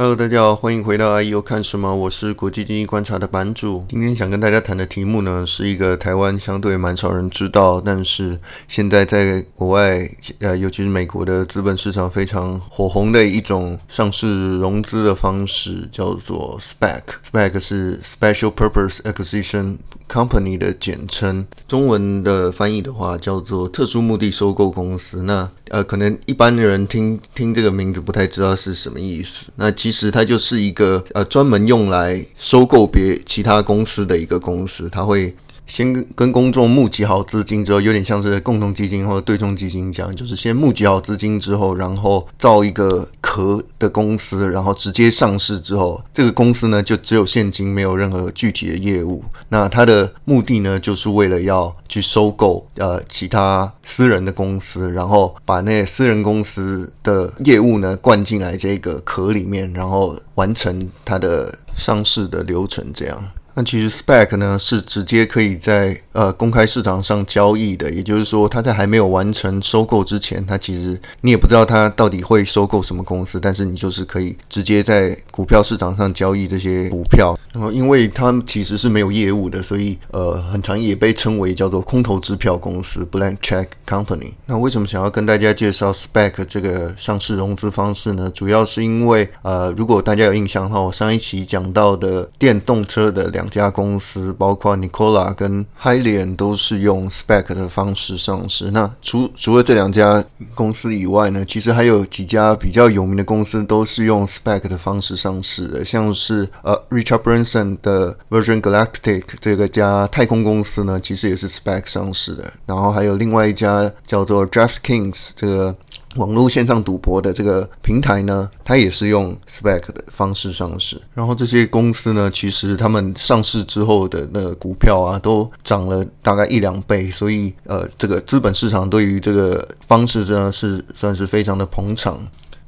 Hello，大家好，歡迎回到 IEO 看什麼。我是國際經濟觀察的版主。今天想跟大家談的題目呢，是一個台灣相對蠻少人知道，但是現在在國外，呃，尤其是美國的資本市場非常火紅的一種上市融資的方式，叫做 SPAC。SPAC 是 Special Purpose Acquisition Company 的簡稱，中文的翻譯的話叫做特殊目的收購公司。那呃，可能一般的人聽聽這個名字不太知道是什麼意思。那，其實它就是一個呃，專門用來收購別其他公司的一個公司，它會，先跟跟公眾募集好資金之後，有點像是共同基金或者對沖基金這樣，就是先募集好資金之後，然後造一個殼的公司，然後直接上市之後，這個公司呢就只有現金，沒有任何具體的業務。那它的目的呢，就是為了要去收購呃其他私人的公司，然後把那些私人公司的業務呢灌進來這個殼裡面，然後完成它的上市的流程這樣。那其實 SPAC 呢是直接可以在呃公開市場上交易的，也就是說它在還沒有完成收購之前，它其實你也不知道它到底會收購什麼公司，但是你就是可以直接在股票市場上交易這些股票。然後因為他們其實是沒有業務的，所以呃，很常也被稱為叫做空頭支票公司 （Blank Check Company）。那為什麼想要跟大家介紹 SPAC 這個上市融資方式呢？主要是因為呃，如果大家有印象的話，我上一期講到的電動車的兩家公司包括 Nikola 跟 Hyliion 都是用 SPAC 的方式上市。那除除了這兩家公司以外呢，其實還有幾家比較有名的公司都是用 SPAC 的方式上市的，像是呃 Richard Branson 的 Virgin Galactic 這個家太空公司呢，其實也是 SPAC 上市的。然後還有另外一家叫做 DraftKings 這個。網絡線上賭博的這個平台呢，它也是用 SPAC 的方式上市。然後這些公司呢，其實他們上市之後的那個股票啊，都漲了大概一兩倍。所以呃，這個資本市場對於這個方式真的是算是非常的捧場。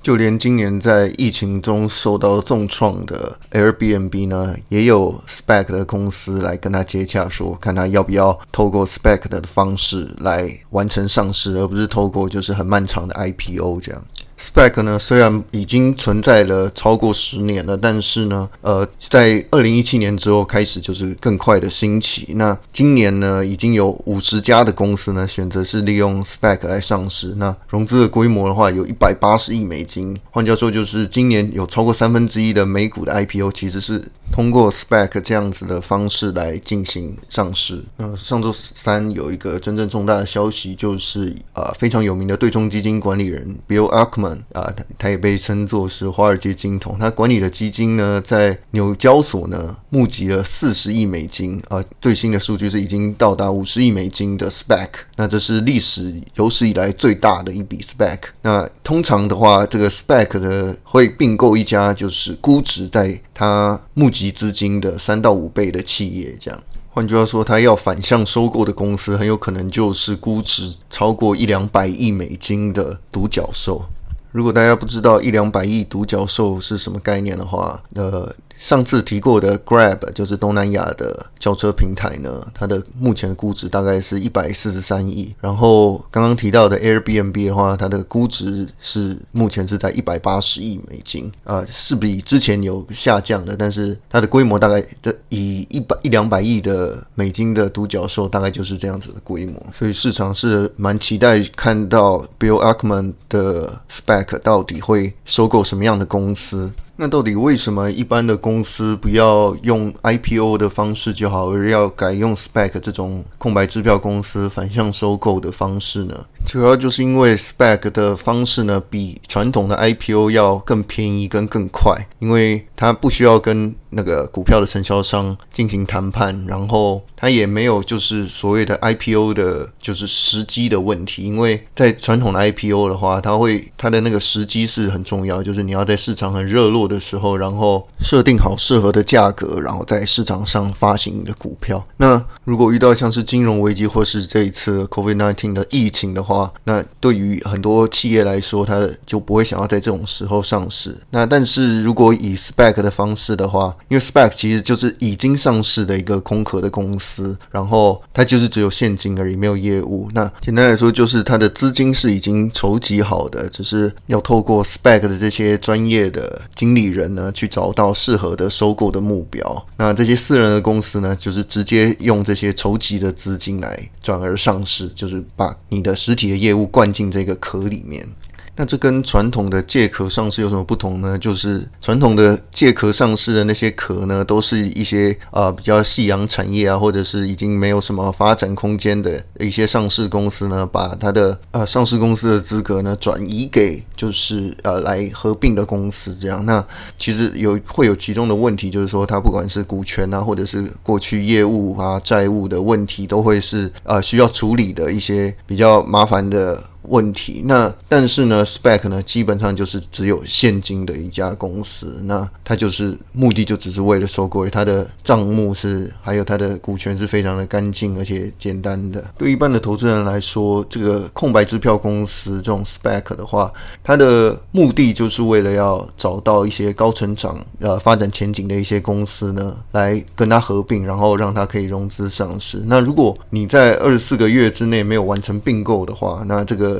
就連今年在疫情中受到重創的 Airbnb 呢，也有 SPAC 的公司來跟他接洽說，說看他要不要透過 SPAC 的方式來完成上市，而不是透過就是很漫長的 IPO 這樣。SPAC 呢，雖然已經存在了超過十年了，但是呢，呃，在二零一七年之後開始就是更快的興起。那今年呢，已經有五十家的公司呢選擇是利用 SPAC 來上市。那融資的規模的話，有一百八十億美金，換句話說就是今年有超過三分之一的美股的 IPO 其實是通過 SPAC 這樣子的方式來進行上市。那，呃，上周三有一個真正重大的消息，就是呃非常有名的對沖基金管理人 Bill Ackman。啊，它它也被稱作是華爾街金童。他管理的基金呢，在紐交所呢，募集了四十億美金啊。最新的數據是已經到達五十億美金的 SPAC，那這是歷史有史以來最大的一筆 SPAC。那通常的話，這個 SPAC 的會併購一家就是估值在它募集資金的三到五倍的企業。這樣，換句話說，它要反向收購的公司，很有可能就是估值超過一兩百億美金的獨角獸。如果大家不知道一兩百億獨角獸是什麼概念的話，呃。上次提過的 Grab 就是東南亞的叫車平台呢，它的目前的估值大概是一百四十三億。然後剛剛提到的 Airbnb 的話，它的估值是目前是在一百八十億美金，啊、呃，是比之前有下降的，但是它的規模大概的以一百一兩百億的美金的獨角獸，大概就是這樣子的規模。所以市場是蠻期待看到 Bill Ackman 的 SPAC 到底會收購什麼樣的公司。那到底為什麼一般的公司不要用 IPO 的方式就好，而要改用 SPAC 這種空白支票公司反向收購的方式呢？主要就是因為 SPAC 的方式呢，比傳統的 IPO 要更便宜跟更快，因為它不需要跟那個股票的承銷商進行談判，然後它也沒有就是所謂的 IPO 的就是時機的問題，因為在傳統的 IPO 的話，它會它的那個時機是很重要，就是你要在市場很熱絡的時候，然後設定好適合的價格，然後在市場上發行你的股票。那如果遇到像是金融危機或是這一次 COVID-19 的疫情的話，那對於很多企業來說，他就不會想要在這種時候上市。那但是如果以 SPAC 的方式的話，因為 SPAC 其實就是已經上市的一個空殼的公司，然後它就是只有現金而已，沒有業務。那簡單來說，就是它的資金是已經籌集好的，只、就是要透過 SPAC 的這些專業的經理人呢，去找到適合的收購的目標。那這些私人的公司呢，就是直接用這些籌集的資金來轉而上市，就是把你的實體企業業務灌進這個殼裡面。那這跟傳統的借殼上市有什麼不同呢？就是傳統的借殼上市的那些殼呢，都是一些啊、呃、比較夕陽產業啊，或者是已經沒有什麼發展空間的一些上市公司呢，把它的呃上市公司的資格呢轉移給就是呃來合併的公司這樣。那其實有會有其中的問題，就是說它不管是股權啊，或者是過去業務啊、債務的問題，都會是啊、呃、需要處理的一些比較麻煩的。問題。那但是呢，SPAC 呢基本上就是只有現金的一家公司，那它就是目的就只是為了收購，它的賬目是還有它的股權是非常的乾淨而且簡單的。對一般的投資人來說，這個空白支票公司這種 SPAC 的話，它的目的就是為了要找到一些高成長呃發展前景的一些公司呢，來跟它合併，然後讓它可以融資上市。那如果你在二十四個月之內沒有完成併購的話，那這個。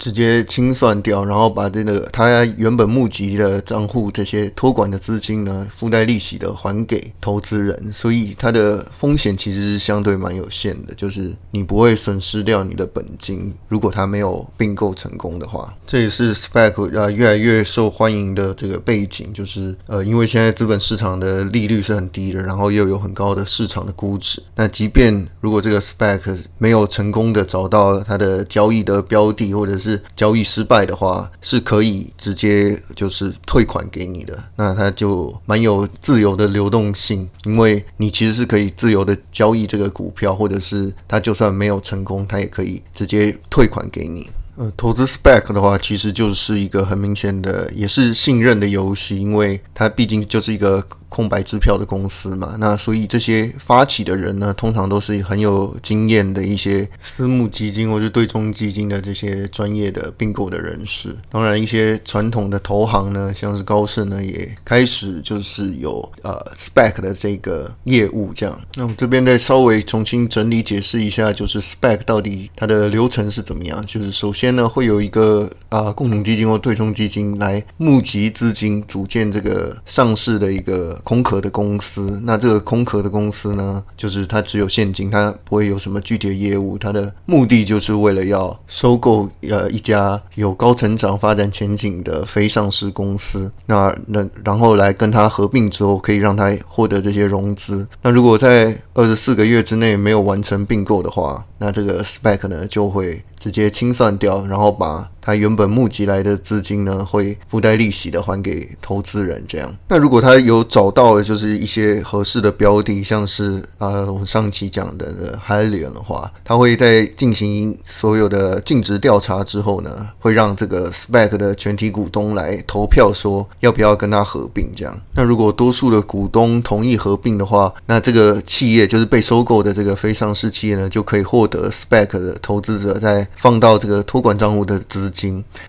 直接清算掉，然後把這個他原本募集的賬戶這些托管的資金呢，附帶利息的還給投資人，所以他的風險其實是相對蠻有限的，就是你不會損失掉你的本金。如果他沒有併購成功的話，這也是 SPAC 呃越來越受歡迎的這個背景，就是呃因為現在資本市場的利率是很低的，然後又有很高的市場的估值。那即便如果這個 SPAC 沒有成功的找到它的交易的標的，或者是是交易失敗的話，是可以直接就是退款給你的。那它就蠻有自由的流動性，因為你其實是可以自由的交易這個股票，或者是它就算沒有成功，它也可以直接退款給你。呃、嗯，投資 SPAC 的話，其實就是一個很明顯的，也是信任的遊戲，因為它畢竟就是一個，空白支票的公司嘛，那所以這些發起的人呢，通常都是很有經驗的一些私募基金或者對沖基金的這些專業的併購的人士。當然，一些傳統的投行呢，像是高盛呢，也開始就是有呃 SPAC 的這個業務這樣。那我這邊再稍微重新整理解釋一下，就是 SPAC 到底它的流程是怎麼樣？就是首先呢，會有一個。啊，共同基金或對沖基金來募集資金，組建這個上市的一個空殼的公司。那這個空殼的公司呢，就是它只有現金，它不會有什麼具體的業務。它的目的就是為了要收購呃一家有高成長發展前景的非上市公司。那那然後來跟它合併之後，可以讓它獲得這些融資。那如果在二十四個月之內沒有完成併購的話，那這個 SPAC 呢就會直接清算掉，然後把。他原本募集來的資金呢，會附帶利息的還給投資人這樣。那如果他有找到了就是一些合適的標的，像是呃我們上期講的 Hyliion 的話，他會在進行所有的盡職調查之後呢，會讓這個 SPAC 的全體股東來投票說要不要跟他合併這樣。那如果多數的股東同意合併的話，那這個企業就是被收購的這個非上市企業呢，就可以獲得 SPAC 的投資者在放到這個托管賬戶的資金。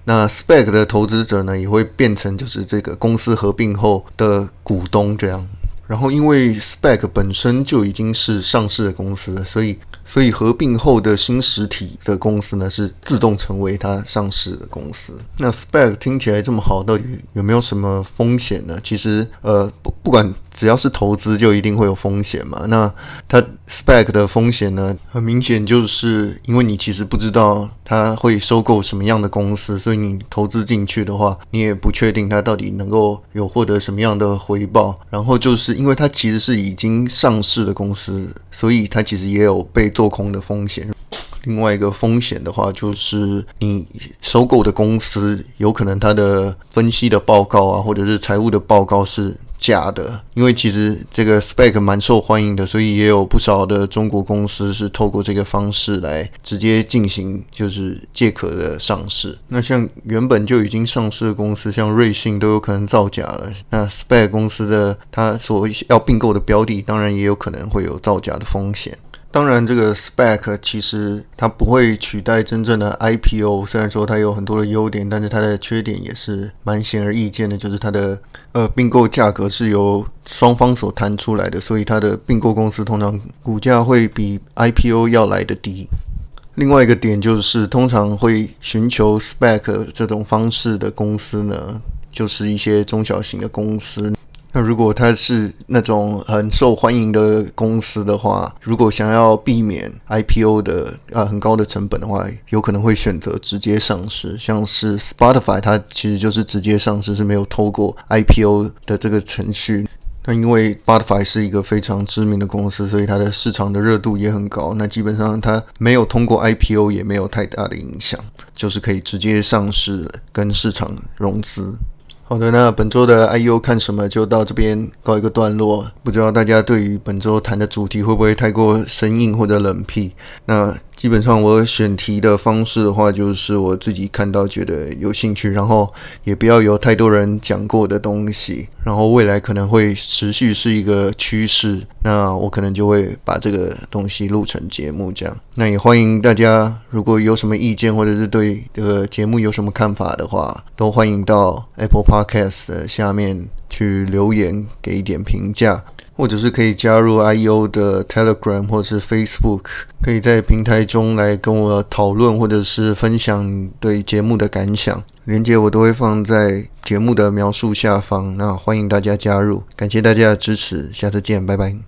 那 SPAC 的投資者呢，也會變成就是這個公司合併後的股東這樣。然後，因為 SPAC 本身就已經是上市的公司了，所以。所以合併後的新實體的公司呢，是自動成為它上市的公司。那 SPAC 聽起來這麼好，到底有沒有什麼風險呢？其實，呃，不不管只要是投資，就一定會有風險嘛。那它 SPAC 的風險呢，很明顯就是因為你其實不知道它會收購什麼樣的公司，所以你投資進去的話，你也不確定它到底能夠有獲得什麼樣的回報。然後就是因為它其實是已經上市的公司，所以它其實也有被做。做空的風險，另外一個風險的話，就是你收購的公司有可能它的分析的報告啊，或者是財務的報告是假的。因為其實這個 SPAC 蠻受歡迎的，所以也有不少的中國公司是透過這個方式來直接進行，就是借殼的上市。那像原本就已經上市的公司，像瑞幸都有可能造假了。那 SPAC 公司的它所要併購的標的，當然也有可能會有造假的風險。當然，這個 SPAC 其實它不會取代真正的 IPO。雖然說它有很多的優點，但是它的缺點也是蠻顯而易見的，就是它的呃併購價格是由雙方所談出來的，所以它的併購公司通常股價會比 IPO 要來得低。另外一個點就是，通常會尋求 SPAC 這種方式的公司呢，就是一些中小型的公司。那如果它是那種很受歡迎的公司的話，如果想要避免 IPO 的呃很高的成本的話，有可能會選擇直接上市。像是 Spotify，它其實就是直接上市，是沒有透過 IPO 的這個程序。那因為 Spotify 是一個非常知名的公司，所以它的市場的熱度也很高。那基本上它沒有通過 IPO 也沒有太大的影響，就是可以直接上市跟市場融資。好的，那本週的 IEO 看什麼就到這邊告一個段落。不知道大家對於本週談的主題會不會太過生硬或者冷僻？那。基本上我選題的方式的話，就是我自己看到覺得有興趣，然後也不要有太多人講過的東西，然後未來可能會持續是一個趨勢，那我可能就會把這個東西錄成節目這樣。那也歡迎大家，如果有什麼意見或者是對這個節目有什麼看法的話，都歡迎到 Apple Podcast 的下面去留言，給一點評價。或者是可以加入 IEO 的 Telegram 或者是 Facebook，可以在平台中來跟我討論或者是分享你對節目的感想。鏈接我都會放在節目的描述下方，那歡迎大家加入，感謝大家的支持，下次見，拜拜。